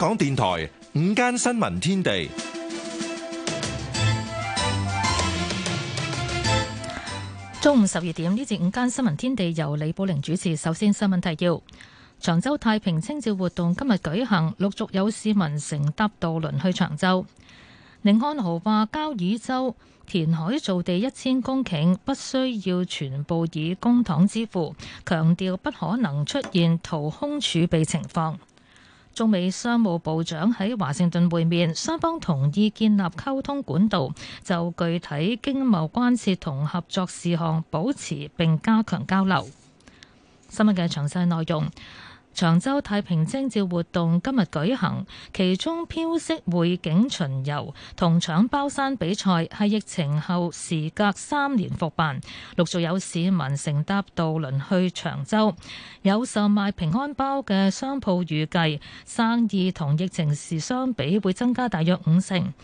港電台午間新聞天地，中午十二點，呢節午間新聞天地由李寶玲主持。首先新聞提要：長洲太平清醮活動今日舉行，陸續有市民乘搭渡輪去長洲。寧漢豪話，交椅洲填海造地一千公頃，不需要全部以公帑支付，強調不可能出現掏空儲備情況。中美商務部長喺華盛頓會面，雙方同意建立溝通管道，就具體經貿關切同合作事項保持並加強交流。新聞嘅詳細內容。長洲太平清醮活動今日舉行，其中飄色會景巡遊同搶包山比賽係疫情後時隔三年復辦，陸續有市民乘搭渡輪去長洲。有售賣平安包嘅商鋪預計生意同疫情時相比會增加大約五成。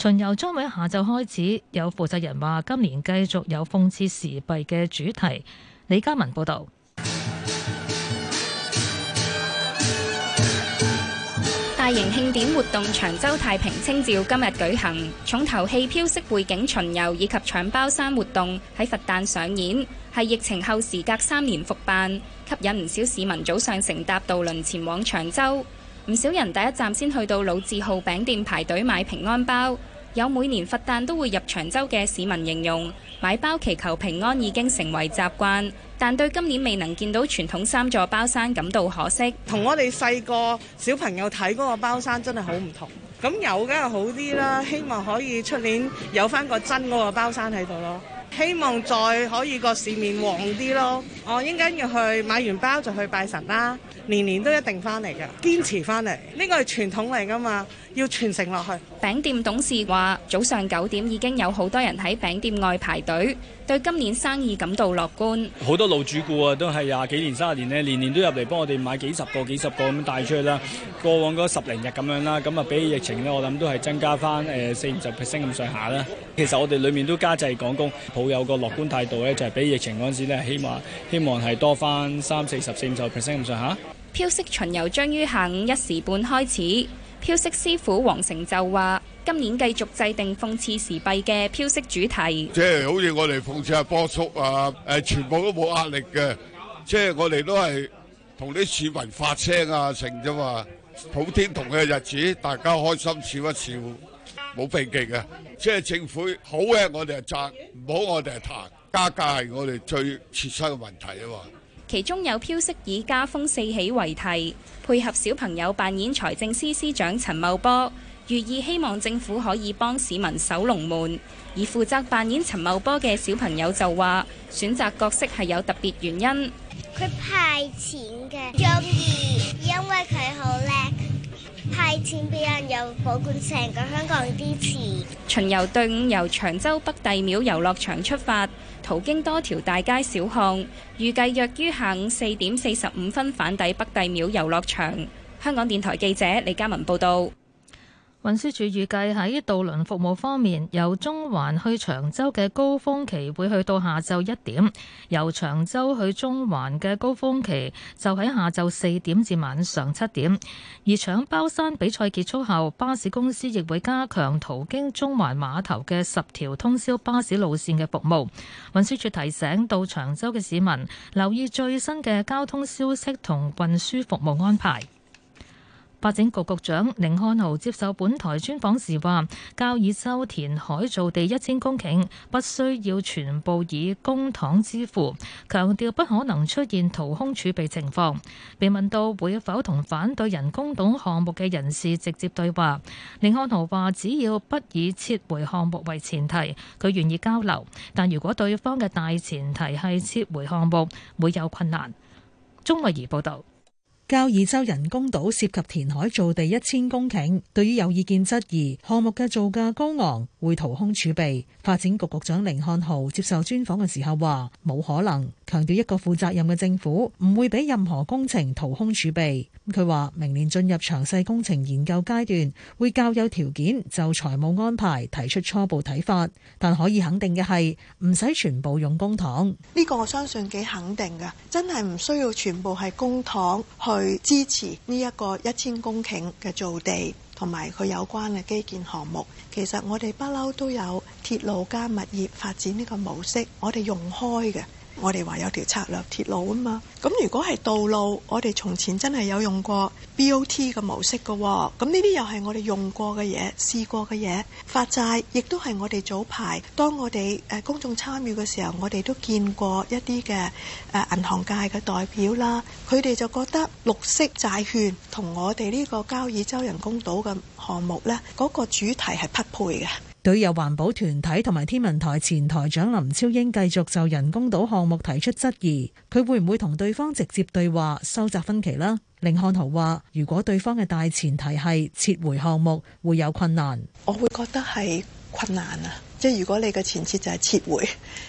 巡遊將喺下晝開始，有負責人話今年繼續有諷刺時弊嘅主題。李嘉文報導。大型慶典活動長洲太平清醮今日舉行，重頭戲飄色背景巡遊以及搶包山活動喺佛誕上演，係疫情後時隔三年復辦，吸引唔少市民早上乘搭渡輪前往長洲。唔少人第一站先去到老字號餅店排隊買平安包，有每年佛誕都會入長洲嘅市民形容，買包祈求平安已經成為習慣，但對今年未能見到傳統三座包山感到可惜。同我哋細個小朋友睇嗰個包山真係好唔同，咁有梗係好啲啦。嗯、希望可以出年有翻個真嗰個包山喺度咯。希望再可以個市面旺啲咯。我應該要去買完包就去拜神啦。年年都一定返嚟嘅，堅持返嚟，呢個係傳統嚟噶嘛，要傳承落去。餅店董事話：早上九點已經有好多人喺餅店外排隊。對今年生意感到樂觀，好多老主顧啊，都係廿幾年、三十年咧，年年都入嚟幫我哋買幾十個、幾十個咁帶出去啦。過往嗰十零日咁樣啦，咁啊，比起疫情咧，我諗都係增加翻誒四五十 percent 咁上下啦。其實我哋裏面都加製港工，抱有個樂觀態度咧，就係、是、比疫情嗰陣時咧，希望，希望係多翻三四十四五十 percent 咁上下。飄色巡遊將於下午一時半開始，飄色師傅黃成就話。今年繼續制定諷刺時弊嘅飄色主題，即係好似我哋諷刺阿波叔啊，誒，全部都冇壓力嘅。即係我哋都係同啲市民發聲啊，成啫嘛。普天同慶嘅日子，大家開心笑一笑，冇避忌嘅。即係政府好嘅，我哋係讚；唔好，我哋係彈。加價係我哋最切身嘅問題啊嘛。其中有飄色以家風四起為題，配合小朋友扮演財政司司長陳茂波。寓意希望政府可以幫市民守龍門，而負責扮演陳茂波嘅小朋友就話：選擇角色係有特別原因。佢派錢嘅， 因為因為佢好叻，派錢俾人又保管成個香港啲錢。巡遊隊伍由長洲北帝廟遊樂場出發，途經多條大街小巷，預計約於下午四點四十五分返抵北帝廟遊樂場。香港電台記者李嘉文報道。運輸署預計喺渡輪服務方面，由中環去長洲嘅高峰期會去到下晝一點，由長洲去中環嘅高峰期就喺下晝四點至晚上七點。而搶包山比賽結束後，巴士公司亦會加強途經中環碼頭嘅十條通宵巴士路線嘅服務。運輸署提醒到長洲嘅市民留意最新嘅交通消息同運輸服務安排。發展局局長寧漢豪接受本台專訪時話：交椅洲填海造地一千公頃，不需要全部以公帑支付，強調不可能出現掏空儲備情況。被問到會否同反對人工島項目嘅人士直接對話，寧漢豪話：只要不以撤回項目為前提，佢願意交流。但如果對方嘅大前提係撤回項目，會有困難。鐘麗儀報導。交椅洲人工島涉及填海造地一千公頃，對於有意見質疑項目嘅造價高昂，會掏空儲備，發展局局長甯漢豪接受專訪嘅時候話：冇可能。強調一個負責任嘅政府唔會俾任何工程掏空儲備。佢話明年進入詳細工程研究階段，會較有條件就財務安排提出初步睇法，但可以肯定嘅係唔使全部用公帑。呢個我相信幾肯定㗎，真係唔需要全部係公帑去支持呢一個一千公頃嘅造地同埋佢有關嘅基建項目。其實我哋不嬲都有鐵路加物業發展呢個模式，我哋用開嘅。我哋話有條策略鐵路啊嘛，咁如果係道路，我哋從前真係有用過 BOT 嘅模式嘅喎、哦，咁呢啲又係我哋用過嘅嘢、試過嘅嘢，發債亦都係我哋早排當我哋誒公眾參與嘅時候，我哋都見過一啲嘅誒銀行界嘅代表啦，佢哋就覺得綠色債券同我哋呢個交椅洲人工島嘅項目呢，嗰、那個主題係匹配嘅。對有環保團體同埋天文台前台長林超英繼續就人工島項目提出質疑，佢會唔會同對方直接對話、收窄分歧呢？甯漢豪話：如果對方嘅大前提係撤回項目，會有困難。我會覺得係困難啊，即係如果你嘅前設就係撤回，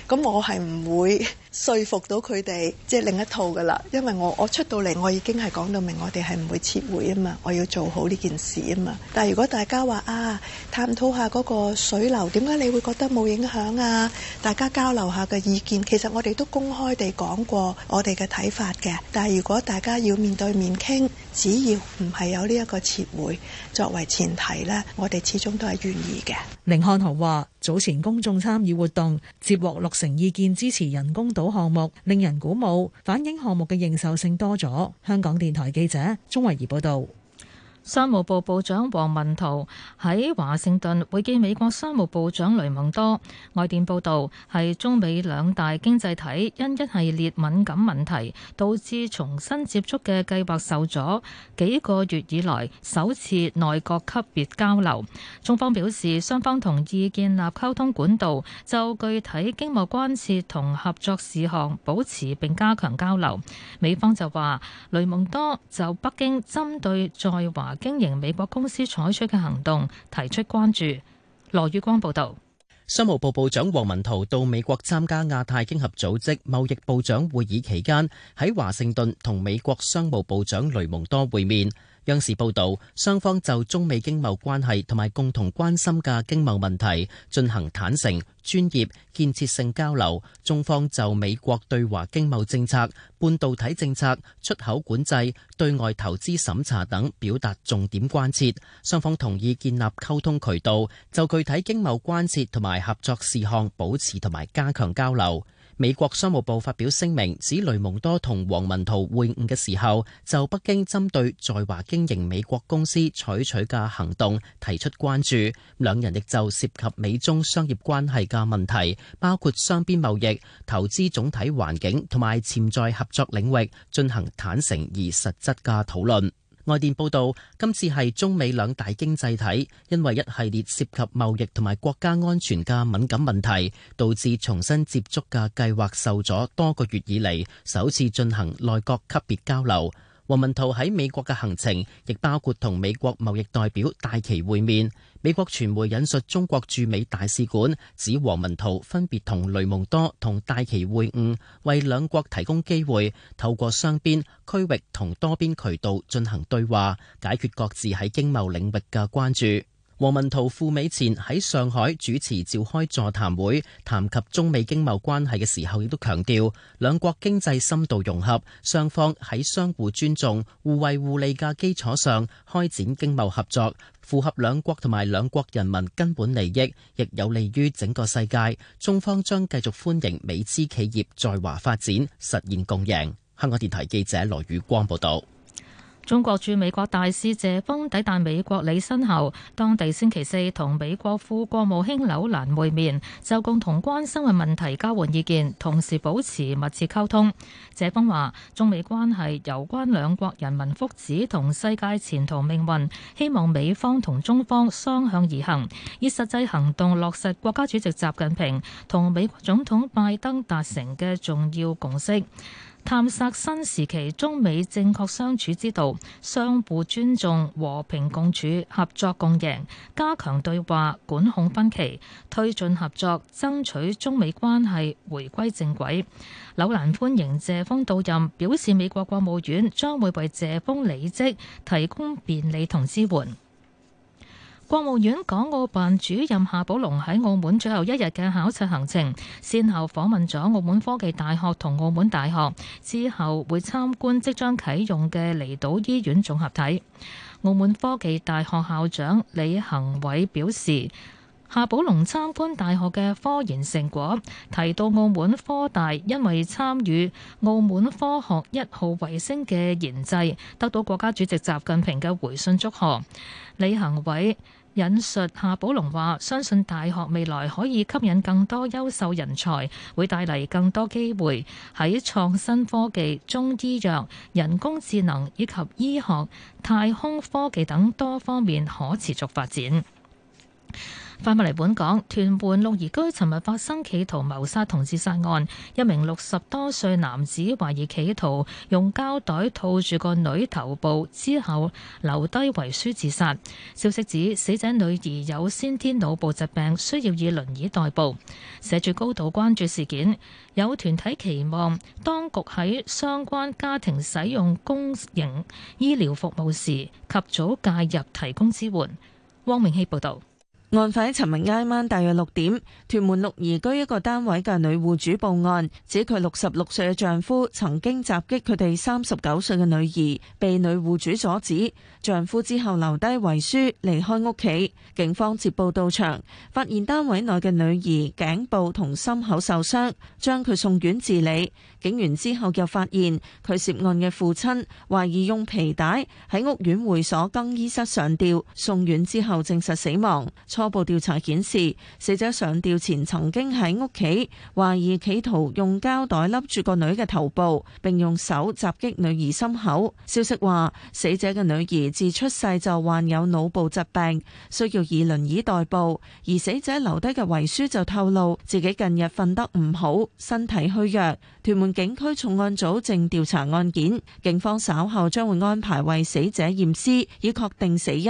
咁我係唔會。說服到佢哋，即係另一套㗎喇。因為我我出到嚟，我已經係講到明，我哋係唔會撤回啊嘛，我要做好呢件事啊嘛。但係如果大家話啊，探討下嗰個水流點解你會覺得冇影響啊？大家交流下嘅意見，其實我哋都公開地講過我哋嘅睇法嘅。但係如果大家要面對面傾，只要唔係有呢一個撤回作為前提呢，我哋始終都係願意嘅。甯漢豪話：早前公眾參與活動，接獲六成意見支持人工島。項目令人鼓舞，反映項目嘅認受性多咗。香港電台記者鍾慧儀報道。商務部部長王文濤喺華盛頓會見美國商務部長雷蒙多。外電報道，係中美兩大經濟體因一系列敏感問題，導致重新接觸嘅計劃受阻，幾個月以來首次內閣級別交流。中方表示，雙方同意建立溝通管道，就具體經貿關切同合作事項保持並加強交流。美方就話，雷蒙多就北京針對在華經營美國公司採取嘅行動，提出關注。羅宇光報道，商務部部長王文濤到美國參加亞太經合組織貿易部長會議期間，喺華盛頓同美國商務部長雷蒙多會面。央視報道，雙方就中美經貿關係同埋共同關心嘅經貿問題進行坦誠、專業、建設性交流。中方就美國對華經貿政策、半導體政策、出口管制、對外投資審查等表達重點關切。雙方同意建立溝通渠道，就具體經貿關切同埋合作事項保持同埋加強交流。美國商務部發表聲明，指雷蒙多同王文濤會晤嘅時候，就北京針對在華經營美國公司採取嘅行動提出關注。兩人亦就涉及美中商業關係嘅問題，包括雙邊貿易、投資總體環境同埋潛在合作領域進行坦誠而實質嘅討論。外電報道，今次係中美兩大經濟體因為一系列涉及貿易同埋國家安全嘅敏感問題，導致重新接觸嘅計劃受阻多個月以嚟，首次進行內閣級別交流。王文濤喺美國嘅行程，亦包括同美國貿易代表戴琪會面。美國傳媒引述中國駐美大使館指，王文濤分別同雷蒙多同戴琪會晤，為兩國提供機會，透過雙邊、區域同多邊渠道進行對話，解決各自喺經貿領域嘅關注。王文濤赴美前喺上海主持召開座談會，談及中美經貿關係嘅時候，亦都強調兩國經濟深度融合，雙方喺相互尊重、互惠互利嘅基礎上開展經貿合作，符合兩國同埋兩國人民根本利益，亦有利於整個世界。中方將繼續歡迎美資企業在華發展，實現共贏。香港電台記者羅宇光報道。中國駐美國大使謝鋒抵達美國履新後，當地星期四同美國副國務卿紐蘭會面，就共同關心嘅問題交換意見，同時保持密切溝通。謝鋒話：中美關係攸關兩國人民福祉同世界前途命運，希望美方同中方雙向而行，以實際行動落實國家主席習近平同美國總統拜登達成嘅重要共識。探索新時期中美正確相處之道，相互尊重、和平共處合作共贏，加強對話管控分歧，推進合作，爭取中美關係回歸正軌，紐蘭歡迎謝鋒到任，表示美國國務院將會為謝鋒履職提供便利同支援。國務院港澳辦主任夏寶龍喺澳門最後一日嘅考察行程，先後訪問咗澳門科技大學同澳門大學，之後會參觀即將啟用嘅離島醫院綜合體。澳門科技大學校長李行偉表示，夏寶龍參觀大學嘅科研成果，提到澳門科大因為參與澳門科學一號衛星嘅研製，得到國家主席習近平嘅回信祝賀。李行偉。引述夏寶龍話，相信大學未來可以吸引更多優秀人才，會帶嚟更多機會，喺創新科技、中醫藥、人工智能以及醫學、太空科技等多方面可持續發展。快物嚟！本港屯門鹿兒居，居，尋日發生企圖謀殺同自殺案，一名六十多歲男子懷疑企圖用膠袋套住個女頭部之後留低遺書自殺。消息指，死者女兒有先天腦部疾病，需要以輪椅代步。社署高度關注事件，有團體期望當局喺相關家庭使用公營醫療服務時及早介入提供支援。汪明希報道。案發喺尋日挨晚大約六點，屯門鹿怡居一個單位嘅女戶主報案，指佢六十六歲嘅丈夫曾經襲擊佢哋三十九歲嘅女兒，被女戶主阻止，丈夫之後留低遺書離開屋企，警方接報到場，發現單位內嘅女兒頸部同心口受傷，將佢送院治理。警員之後又發現佢涉案嘅父親，懷疑用皮帶喺屋苑會所更衣室上吊，送院之後證實死亡。初步調查顯示，死者上吊前曾經喺屋企懷疑企圖用膠袋笠住個女嘅頭部，並用手襲擊女兒心口。消息話，死者嘅女兒自出世就患有腦部疾病，需要以輪椅代步。而死者留低嘅遺書就透露自己近日瞓得唔好，身體虛弱。屯門警區重案組正調查案件，警方稍後將會安排為死者驗屍，以確定死因。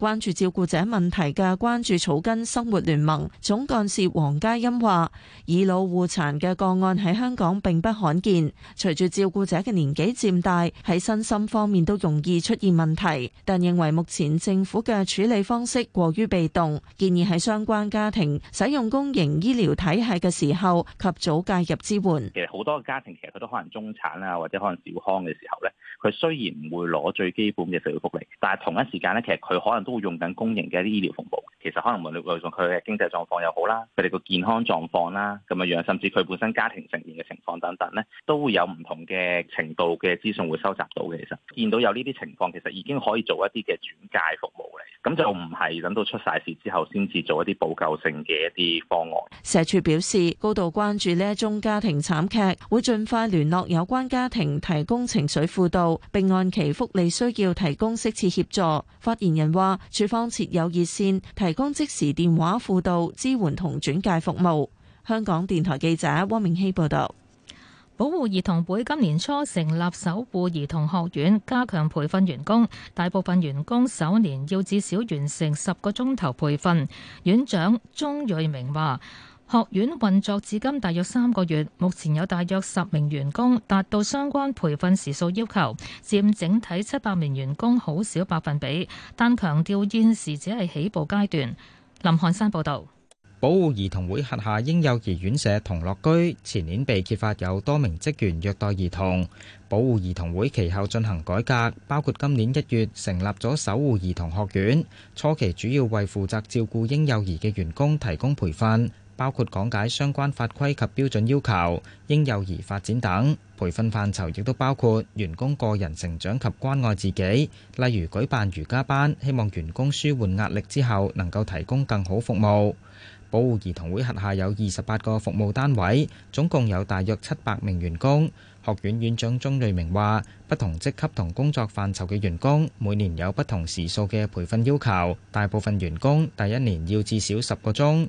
關注照顧者問題嘅關注。住草根生活聯盟總幹事黃嘉欣話，以老護殘嘅個案喺香港並不罕見，隨住照顧者嘅年紀漸大，喺身心方面都容易出現問題。但認為目前政府嘅處理方式過於被動，建議喺相關家庭使用公營醫療體系嘅時候及早介入支援。其實好多家庭其實佢都可能中產啊，或者可能小康嘅時候咧。佢雖然唔會攞最基本嘅社會福利，但係同一時間呢，其實佢可能都會用緊公營嘅一啲醫療服務。其實可能無論佢佢嘅經濟狀況又好啦，佢哋個健康狀況啦，咁樣樣，甚至佢本身家庭成員嘅情況等等呢，都會有唔同嘅程度嘅資訊會收集到嘅。其實見到有呢啲情況，其實已經可以做一啲嘅轉介服務嚟，咁就唔係等到出晒事之後先至做一啲補救性嘅一啲方案。社署、嗯、表示高度關注呢一宗家庭慘劇，會盡快聯絡有關家庭，提供情緒輔導。並按其福利需要提供適切協助。發言人話，處方設有熱線，提供即時電話輔導支援同轉介服務。香港電台記者汪明希報道。保護兒童會今年初成立守護兒童學院，加強培訓員工。大部分員工首年要至少完成十個鐘頭培訓。院長鍾瑞明話。學院運作至今大約三個月，目前有大約十名員工達到相關培訓時數要求，佔整體七百名員工好少百分比。但強調現時只係起步階段。林漢山報導。保護兒童會轄下嬰幼兒院舍童樂居前年被揭發有多名職員虐待兒童，保護兒童會其後進行改革，包括今年一月成立咗守護兒童學院，初期主要為負責照顧嬰幼兒嘅員工提供培訓。包括講解相關法規及標準要求、嬰幼兒發展等培訓範疇，亦都包括員工個人成長及關愛自己，例如舉辦瑜伽班，希望員工紓緩壓力之後能夠提供更好服務。保護兒童會轄下有二十八個服務單位，總共有大約七百名員工。學院院長鐘瑞明話，不同職級同工作範疇嘅員工每年有不同時數嘅培訓要求，大部分員工第一年要至少十個鐘。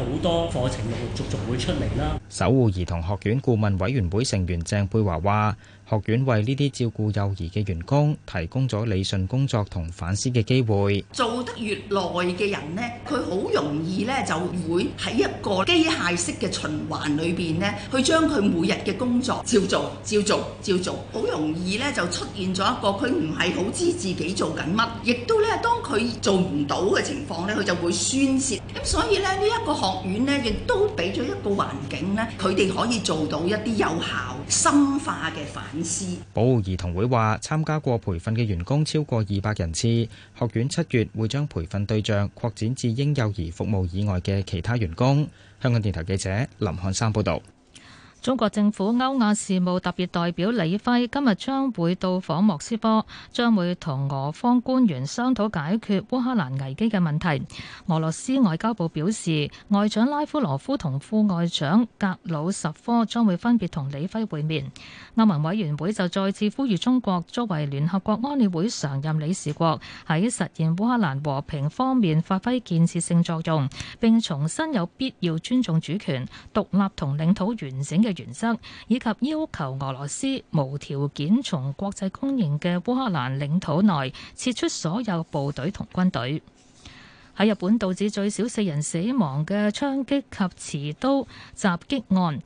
好多課程陸陸續續會出嚟啦！守護兒童學院顧問委員會成員鄭佩華話。學院為呢啲照顧幼兒嘅員工提供咗理順工作同反思嘅機會。做得越耐嘅人呢，佢好容易呢，就會喺一個機械式嘅循環裏邊呢，去將佢每日嘅工作照做照做照做。好容易呢，就出現咗一個佢唔係好知自己做緊乜，亦都呢當佢做唔到嘅情況呢，佢就會宣泄。咁所以呢，呢一個學院呢亦都俾咗一個環境呢，佢哋可以做到一啲有效深化嘅反思。保護兒童會話，參加過培訓嘅員工超過二百人次。學院七月會將培訓對象擴展至嬰幼兒服務以外嘅其他員工。香港電台記者林漢山報道。中國政府歐亞事務特別代表李輝今日將會到訪莫斯科，將會同俄方官員商討解決烏克蘭危機嘅問題。俄羅斯外交部表示，外長拉夫羅夫同副外長格魯什科將會分別同李輝會面。歐盟委員會就再次呼籲中國作為聯合國安理會常任理事國，喺實現烏克蘭和平方面發揮建設性作用，並重申有必要尊重主權、獨立同領土完整嘅原則，以及要求俄羅斯無條件從國際公認嘅烏克蘭領土內撤出所有部隊同軍隊。喺日本導致最少四人死亡嘅槍擊及持刀襲擊案。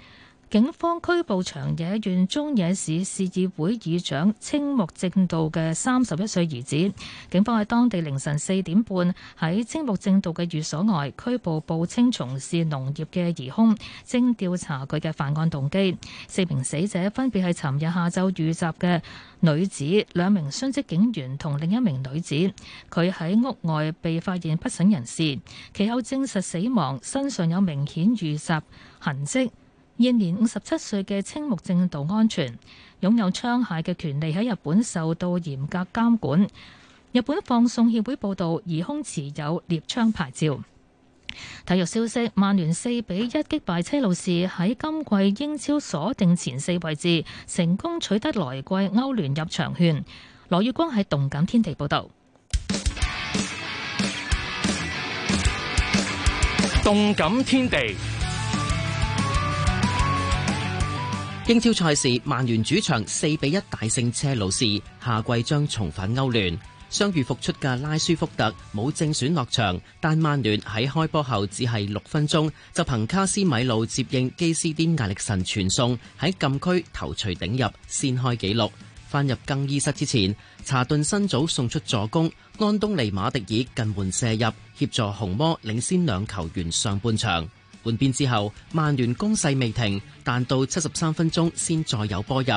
警方拘捕長野縣中野市市議會議長青木正道嘅三十一歲兒子。警方喺當地凌晨四點半喺青木正道嘅寓所外拘捕報稱從事農業嘅疑凶，正調查佢嘅犯案動機。四名死者分別係尋日下晝遇襲嘅女子、兩名殉職警員同另一名女子。佢喺屋外被發現不省人事，其後證實死亡，身上有明顯遇襲痕迹。現年五十七歲嘅青木正道安全擁有槍械嘅權利，喺日本受到嚴格監管。日本放送協會報道，疑兇持有獵槍牌照。體育消息：曼聯四比一擊敗車路士，喺今季英超鎖定前四位置，成功取得來季歐聯入場券。羅月光喺動感天地報道。動感天地。英超賽事，曼聯主場四比一大勝車路士，下季將重返歐聯。傷愈復出嘅拉舒福特冇正選落場，但曼聯喺開波後只係六分鐘就憑卡斯米路接應基斯丁艾力神傳送喺禁區頭槌頂入，先開紀錄。翻入更衣室之前，查頓新組送出助攻，安東尼馬迪爾近門射入，協助紅魔領先兩球員上半場。換邊之後，曼聯攻勢未停，但到七十三分鐘先再有波入。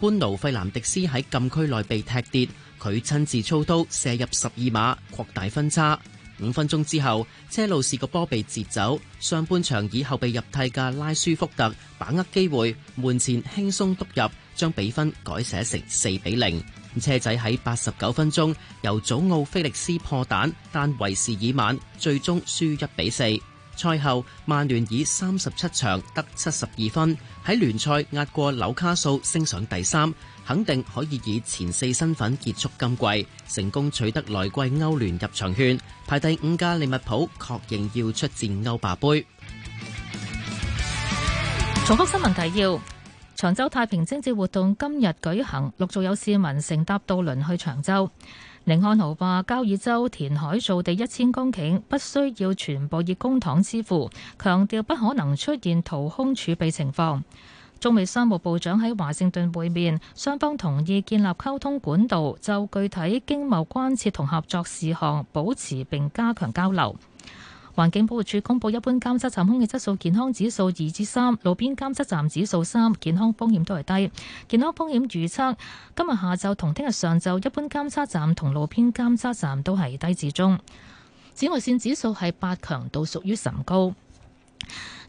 官奴費南迪斯喺禁區內被踢跌，佢親自操刀射入十二碼擴大分差。五分鐘之後，車路士個波被截走，上半場以後被入替嘅拉舒福特把握機會門前輕鬆篤入，將比分改寫成四比零。車仔喺八十九分鐘由祖奧菲力斯破蛋，但為時已晚，最終輸一比四。賽後，曼聯以三十七場得七十二分，喺聯賽壓過紐卡素，升上第三，肯定可以以前四身份結束今季，成功取得來季歐聯入場券。排第五嘅利物浦確認要出戰歐霸盃。重複新聞提要：長洲太平清醮活動今日舉行，陸續有市民乘搭渡輪去長洲。寧漢豪話，交椅洲填海造地一千公頃，不需要全部以公帑支付，強調不可能出現掏空儲備情況。中美商務部長喺華盛頓會面，雙方同意建立溝通管道，就具體經貿關切同合作事項保持並加強交流。環境保護署公布，一般監測站空氣質素健康指數二至三，3, 路邊監測站指數三，健康風險都係低。健康風險預測今日下晝同聽日上晝，一般監測站同路邊監測站都係低至中。紫外線指數係八，強度屬於甚高。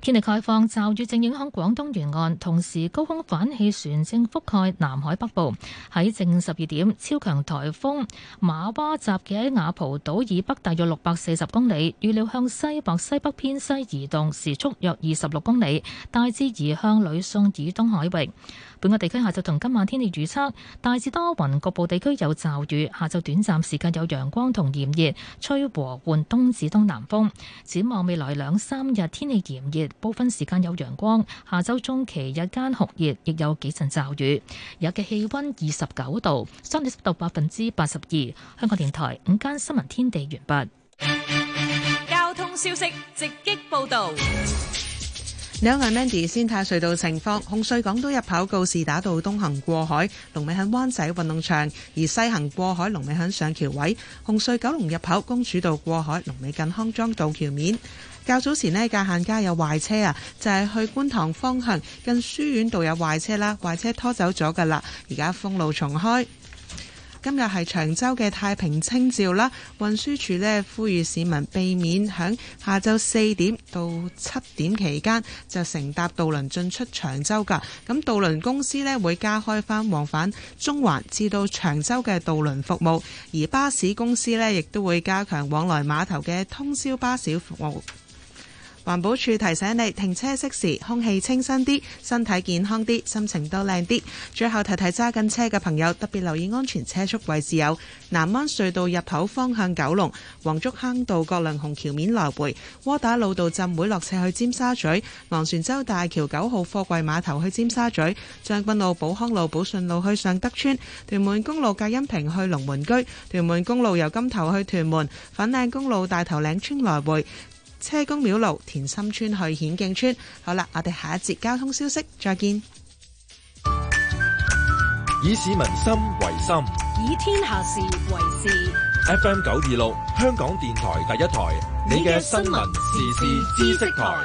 天氣概況，驟雨正影響廣東沿岸，同時高空反氣旋正覆蓋南海北部。喺正十二點，超強颱風馬巴集結喺雅蒲島以北大約六百四十公里，預料向西北西北偏西移動，時速約二十六公里，大致移向呂宋以東海域。本港地區下晝同今晚天氣預測：大致多雲，局部地區有驟雨。下晝短暫時間有陽光同炎熱，吹和緩東至東南風。展望未來兩三日天氣炎熱。部分時間有陽光，下周中期日間酷熱，亦有幾陣驟雨。有嘅氣温二十九度，相對濕度百分之八十二。香港電台午間新聞天地完畢。交通消息直擊報導。你好，我係 Mandy 先睇隧道情況。紅隧港島入口告士打道東行過海，龍尾喺灣仔運動場；而西行過海龍尾喺上橋位。紅隧九龍入口公主道過海，龍尾近康莊道橋面。較早前呢，界限街有壞車啊，就係、是、去觀塘方向，近書院度有壞車啦，壞車拖走咗㗎喇，而家封路重開。今日係長洲嘅太平清照啦，運輸署呢，呼籲市民避免喺下晝四點到七點期間就乘搭渡輪進出長洲㗎。咁渡輪公司呢會加開返往返中環至到長洲嘅渡輪服務，而巴士公司呢亦都會加強往來碼頭嘅通宵巴士服務。環保署提醒你停車熄匙，空氣清新啲，身體健康啲，心情都靚啲。最後提提揸緊車嘅朋友，特別留意安全車速，位置有南灣隧道入口方向、九龍黃竹坑道、葛量洪橋面來回、窩打老道浸會落斜去尖沙咀、昂船洲大橋九號貨櫃碼頭去尖沙咀、將軍路、寶康路、寶順路去尚德村、屯門公路隔音屏去龍門居、屯門公路油柑頭去屯門、粉嶺公路大頭嶺村來回。車公廟路、田心村去顯徑村，好啦，我哋下一節交通消息再見。以市民心為心，以天下事為事。FM 九二六，香港電台第一台，你嘅新聞時事知識台。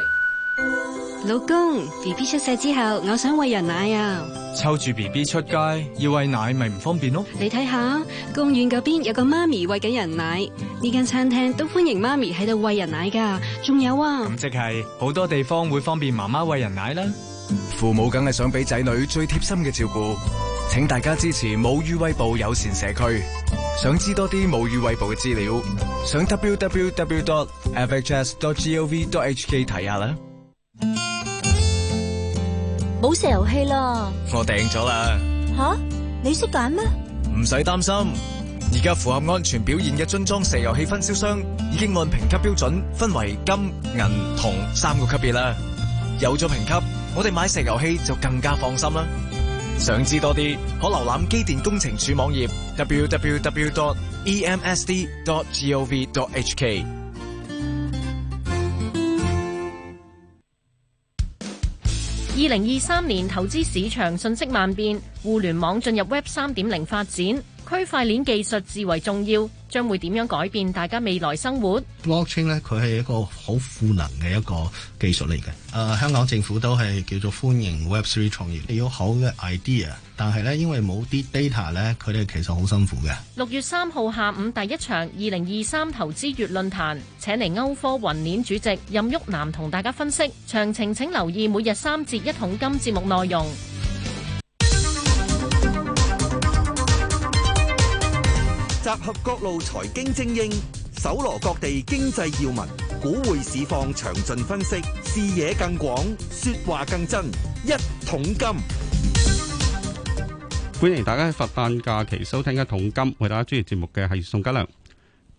老公，B B 出世之後，我想餵人奶啊！抽住 B B 出街要餵奶咪唔方便咯、啊。你睇下，公園嗰邊有個媽咪餵緊人奶，呢、這、間、個、餐廳都歡迎媽咪喺度餵人奶噶。仲有啊，咁即係好多地方會方便媽媽餵人奶啦。父母梗係想俾仔女最貼心嘅照顧，請大家支持母乳餵哺友善社區。想知多啲母乳餵哺嘅資料，上 w w w. f h s. dot g o v. dot h k 睇下啦。冇石油氣啦，我訂咗啦。吓，你識揀咩？唔使擔心，而家符合安全表現嘅樽裝石油氣分銷商已經按評級標準分為金、銀、銅三個級別啦。有咗評級，我哋買石油氣就更加放心啦。想知多啲，可瀏覽機電工程署網頁 www.emsd.gov.hk。二零二三年，投資市場瞬息萬變，互聯網進入 Web 三點零發展。區塊鏈技術至為重要，將會點樣改變大家未來生活？Blockchain 咧，佢係一個好賦能嘅一個技術嚟嘅。誒、呃，香港政府都係叫做歡迎 Web3 創業，你要好嘅 idea，但係咧因為冇啲 data 咧，佢哋其實好辛苦嘅。六月三號下午第一場二零二三投資月論壇，請嚟歐科雲鏈主席任旭南同大家分析，詳情請留意每日三節一桶金節目內容。集合各路財經精英，搜羅各地經濟要聞，股匯市況詳盡分析，視野更廣，說話更真。一桶金，歡迎大家喺佛誕假期收聽一桶金。為大家主持節目嘅係宋家良。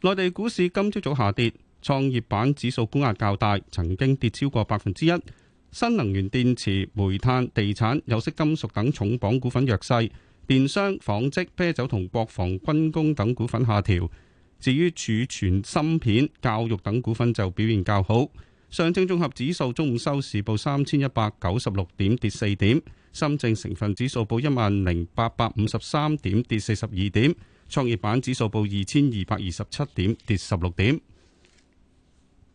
內地股市今朝早下跌，創業板指數沽壓較大，曾經跌超過百分之一。新能源電池、煤炭、地產、有色金屬等重磅股份弱勢。電商、紡織、啤酒同國防軍工等股份下調，至於儲存芯片、教育等股份就表現較好。上證綜合指數中午收市報三千一百九十六點，跌四點；深證成分指數報一萬零八百五十三點，跌四十二點；創業板指數報二千二百二十七點，跌十六點。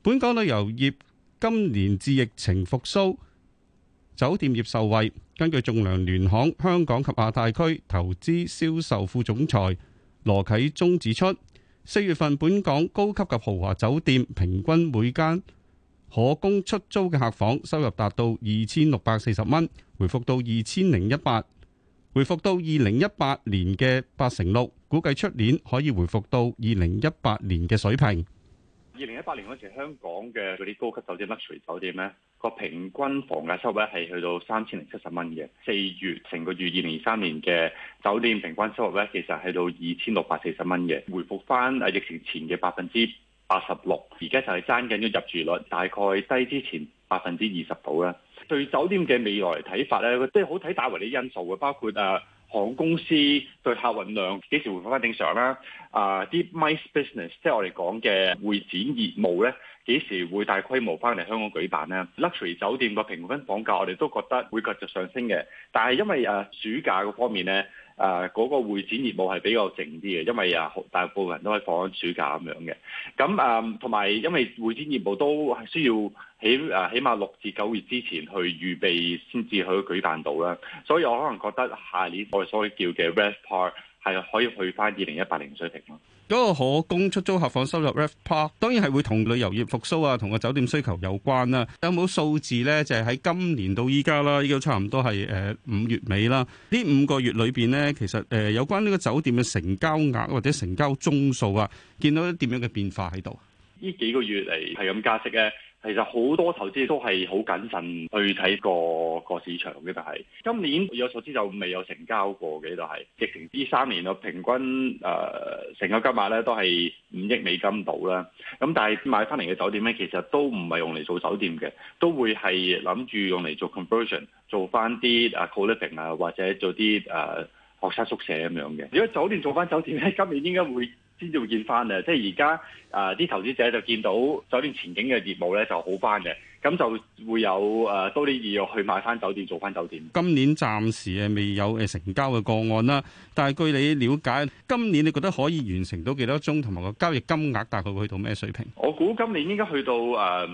本港旅遊業今年至疫情復蘇。酒店業受惠。根據仲量聯行香港及亞太區投資銷售副總裁羅啟忠指出，四月份本港高級及豪華酒店平均每間可供出租嘅客房收入達到二千六百四十蚊，回復到二千零一八，回復到二零一八年嘅八成六，估計出年可以回復到二零一八年嘅水平。二零一八年嗰時，香港嘅嗰啲高級酒店 luxury 酒店咧，個平均房價收入係去到三千零七十蚊嘅。四月成個月二零二三年嘅酒店平均收入咧，其實係到二千六百四十蚊嘅，回復翻啊疫情前嘅百分之八十六。而家就係爭緊咗入住率，大概低之前百分之二十度啦。對酒店嘅未來睇法咧，即係好睇大圍啲因素嘅，包括啊。航空公司對客運量幾時回復翻正常啦？啊、uh，啲 mice business 即係我哋講嘅會展業務咧，幾時會大規模翻嚟香港舉辦咧？luxury 酒店個平均房價我哋都覺得會繼續上升嘅，但係因為誒、uh, 暑假嗰方面咧。誒嗰、uh, 個會展業務係比較靜啲嘅，因為啊大部分人都係放緊暑假咁樣嘅，咁誒同埋因為會展業務都需要起誒、uh, 起碼六至九月之前去預備先至可以舉辦到啦，所以我可能覺得下年我所謂叫嘅 rest part 係可以去翻二零一八年水平咯。嗰個可供出租客房收入 RevPAR 當然係會同旅遊業復甦啊，同個酒店需求有關啦。有冇數字咧？就係、是、喺今年到依家啦，已經差唔多係誒五月尾啦。呢五個月裏邊咧，其實誒有關呢個酒店嘅成交額或者成交宗數啊，見到啲點樣嘅變化喺度？呢幾個月嚟係咁加息嘅。其實好多投資都係好謹慎去睇個個市場嘅，但係今年我所知就未有成交過嘅，就係疫情呢三年咯，平均誒、呃、成交金額咧都係五億美金到啦。咁但係買翻嚟嘅酒店咧，其實都唔係用嚟做酒店嘅，都會係諗住用嚟做 conversion，做翻啲啊 co-living 啊，iving，或者做啲誒、呃、學生宿舍咁樣嘅。如果酒店做翻酒店咧，今年應該會。先至會見翻啊！即係而家啊，啲、呃、投資者就見到酒店前景嘅業務咧就好翻嘅，咁就會有誒、呃、多啲意欲去買翻酒店，做翻酒店。今年暫時誒未有誒成交嘅個案啦，但係據你了解，今年你覺得可以完成到幾多宗，同埋個交易金額大概會去到咩水平？我估今年應該去到誒。呃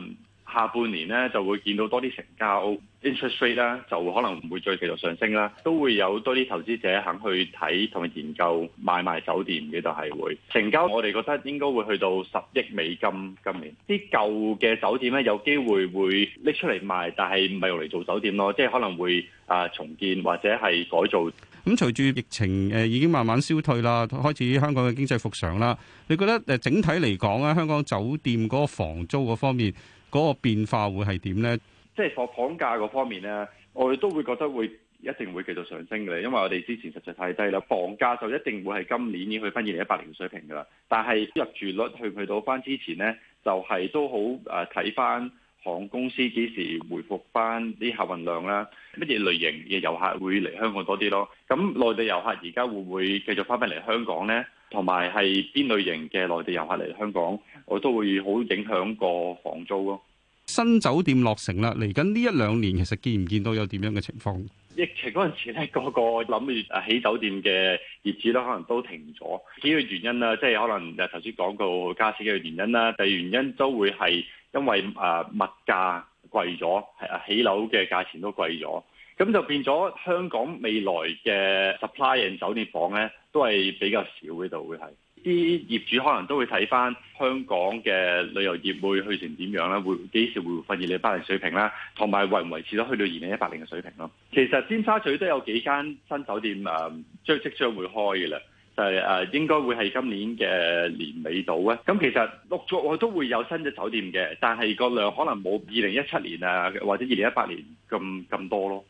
下半年呢，就會見到多啲成交，interest rate 咧就可能唔會再繼續上升啦。都會有多啲投資者肯去睇同埋研究買賣酒店嘅，就係會成交。我哋覺得應該會去到十億美金。今年啲舊嘅酒店呢，有機會會拎出嚟賣，但係唔係用嚟做酒店咯，即係可能會啊重建或者係改造。咁隨住疫情誒已經慢慢消退啦，開始香港嘅經濟復常啦。你覺得誒整體嚟講咧，香港酒店嗰個房租嗰方面？嗰個變化會係點呢？即係房房價嗰方面呢，我哋都會覺得會一定會繼續上升嘅，因為我哋之前實在太低啦。房價就一定會係今年已經去翻二零一八年嘅水平噶啦。但係入住率去唔去到翻之前呢，就係都好誒睇翻航空公司幾時回復翻啲客運量啦。乜嘢類型嘅遊客會嚟香港多啲咯？咁內地遊客而家會唔會繼續翻返嚟香港呢？同埋係邊類型嘅內地遊客嚟香港，我都會好影響個房租咯。新酒店落成啦，嚟緊呢一兩年，其實見唔見到有點樣嘅情況？疫情嗰陣時咧，嗰個諗住啊起酒店嘅業主咧，可能都停咗幾個原因啦，即係可能啊頭先講到加息嘅原因啦，第二原因都會係因為啊物價貴咗，起樓嘅價錢都貴咗。咁就變咗香港未來嘅 supply and 酒店房咧，都係比較少嗰度嘅係。啲業主可能都會睇翻香港嘅旅遊業會去成點樣咧，會幾時會復現二零一八年水平啦，同埋維唔維持到去到二零一八年嘅水平咯。其實尖沙咀都有幾間新酒店誒，即即將會開嘅啦，就係、是、誒、呃、應該會係今年嘅年尾到啊。咁、嗯、其實陸續我都會有新嘅酒店嘅，但係個量可能冇二零一七年啊，或者二零一八年咁咁多咯。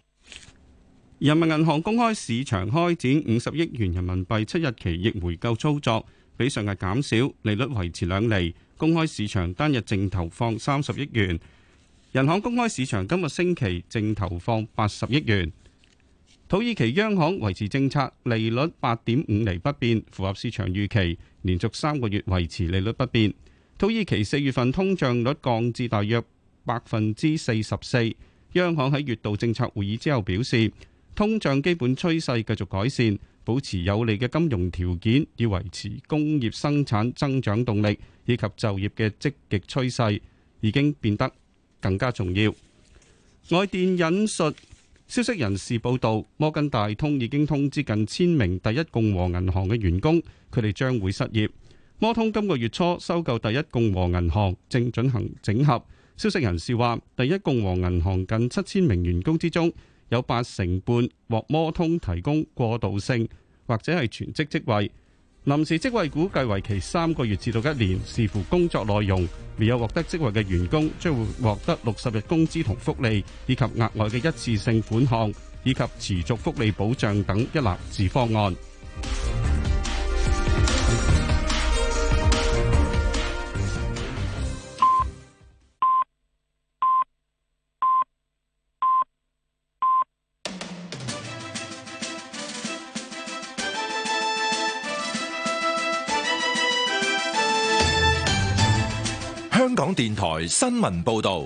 人民銀行公開市場開展五十億元人民幣七日期逆回購操作，比上日減少，利率維持兩厘。公開市場單日淨投放三十億元，人行公開市場今個星期淨投放八十億元。土耳其央行維持政策利率八點五厘不變，符合市場預期，連續三個月維持利率不變。土耳其四月份通脹率降至大約百分之四十四，央行喺月度政策會議之後表示，通脹基本趨勢繼續改善，保持有利嘅金融條件，以維持工業生產增長動力以及就業嘅積極趨勢，已經變得更加重要。外電引述消息人士報道，摩根大通已經通知近千名第一共和銀行嘅員工，佢哋將會失業。摩通今個月初收購第一共和銀行，正進行整合。消息人士話，第一共和銀行近七千名員工之中，有八成半獲摩通提供過渡性或者係全職職位，臨時職位估計為期三個月至到一年，視乎工作內容。未有獲得職位嘅員工將會獲得六十日工資同福利，以及額外嘅一次性款項，以及持續福利保障等一籃子方案。電台新聞報道，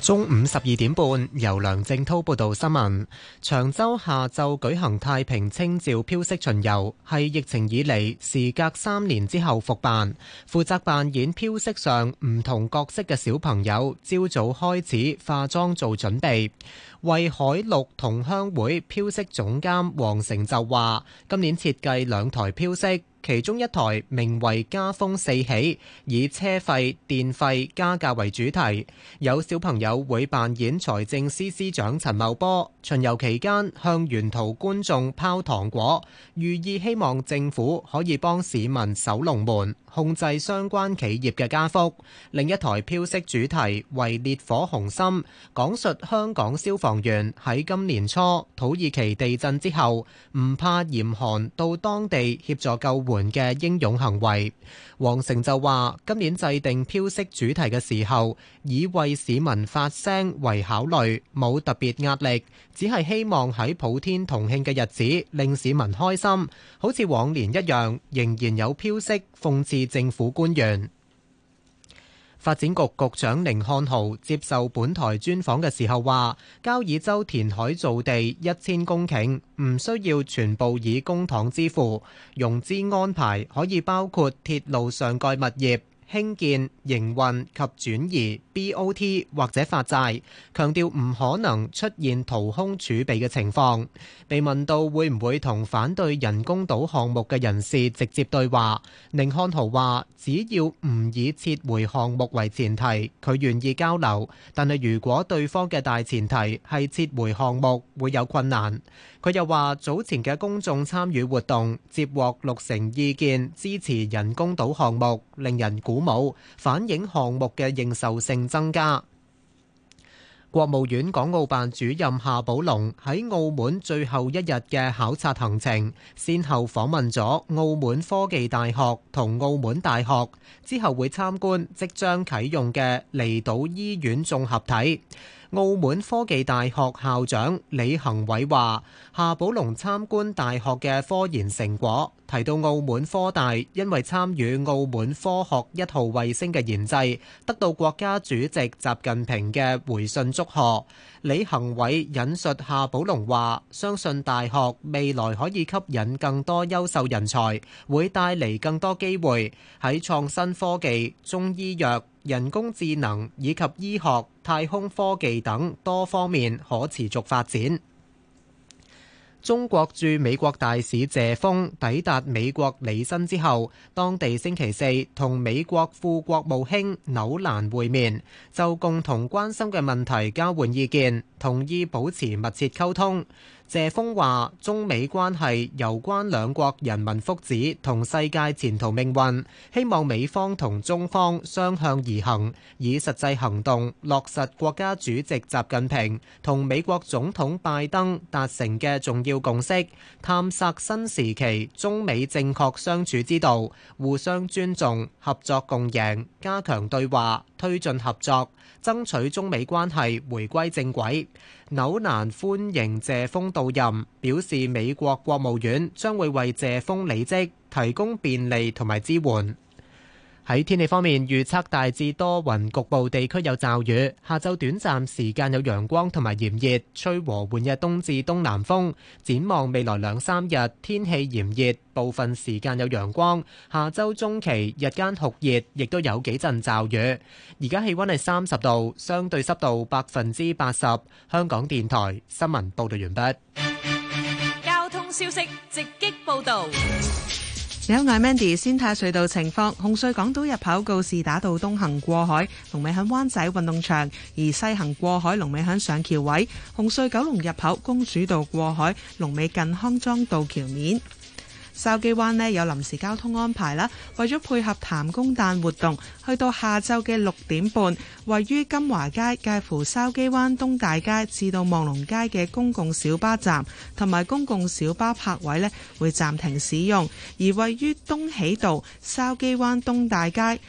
中午十二點半由梁正濤報道新聞。長洲下晝舉行太平清醮飄色巡遊，係疫情以嚟時隔三年之後復辦。負責扮演飄色上唔同角色嘅小朋友，朝早開始化妝做準備。惠海陸同鄉會飄色總監王成就話，今年設計兩台飄色，其中一台名為《加風四起》，以車費、電費加價為主題，有小朋友會扮演財政司司長陳茂波，巡游期間向沿途觀眾拋糖果，寓意希望政府可以幫市民守龍門，控制相關企業嘅加幅，另一台飄色主題為《烈火雄心》，講述香港消防。防員喺今年初土耳其地震之後，唔怕嚴寒到當地協助救援嘅英勇行為。王成就話：今年制定飄色主題嘅時候，以為市民發聲為考慮，冇特別壓力，只係希望喺普天同慶嘅日子令市民開心，好似往年一樣，仍然有飄色諷刺政府官員。發展局局長寧漢豪接受本台專訪嘅時候話，交椅洲填海造地一千公頃，唔需要全部以公帑支付，融資安排可以包括鐵路上蓋物業。興建、營運及轉移 BOT 或者發債，強調唔可能出現掏空儲備嘅情況。被問到會唔會同反對人工島項目嘅人士直接對話，寧漢豪話：只要唔以撤回項目為前提，佢願意交流。但係如果對方嘅大前提係撤回項目，會有困難。佢又話：早前嘅公眾參與活動，接獲六成意見支持人工島項目，令人鼓舞，反映項目嘅認受性增加。國務院港澳辦主任夏寶龍喺澳門最後一日嘅考察行程，先後訪問咗澳門科技大學同澳門大學，之後會參觀即將啟用嘅離島醫院綜合體。澳門科技大學校長李恒偉話：夏寶龍參觀大學嘅科研成果，提到澳門科大因為參與澳門科學一號衛星嘅研製，得到國家主席習近平嘅回信祝賀。李恒偉引述夏寶龍話：相信大學未來可以吸引更多優秀人才，會帶嚟更多機會喺創新科技、中醫藥。人工智能以及醫學、太空科技等多方面可持續發展。中國駐美國大使謝鋒抵達美國履新之後，當地星期四同美國副國務卿紐蘭會面，就共同關心嘅問題交換意見，同意保持密切溝通。謝鋒話：中美關係攸關兩國人民福祉同世界前途命運，希望美方同中方相向而行，以實際行動落實國家主席習近平同美國總統拜登達成嘅重要共識，探索新時期中美正確相處之道，互相尊重、合作共贏，加強對話，推進合作。爭取中美關係回歸正軌，紐蘭歡迎謝峰到任，表示美國國務院將會為謝峰履職提供便利同埋支援。喺天氣方面預測大致多雲，局部地區有驟雨。下晝短暫時間有陽光同埋炎熱，吹和緩嘅東至東南風。展望未來兩三日天氣炎熱，部分時間有陽光。下周中期日間酷熱，亦都有幾陣驟雨。而家氣溫係三十度，相對濕度百分之八十。香港電台新聞報道完畢。交通消息直擊報道。有嗌 Mandy，先睇隧道情況。紅隧港島入口告士打道東行過海，龍尾喺灣仔運動場；而西行過海龍尾喺上橋位。紅隧九龍入口公主道過海，龍尾近康莊道橋面。筲箕灣咧有臨時交通安排啦，為咗配合譚公誕活動，去到下晝嘅六點半，位於金華街、介乎筲箕灣東大街至到望龍街嘅公共小巴站同埋公共小巴泊位咧，會暫停使用，而位於東喜道、筲箕灣東大街。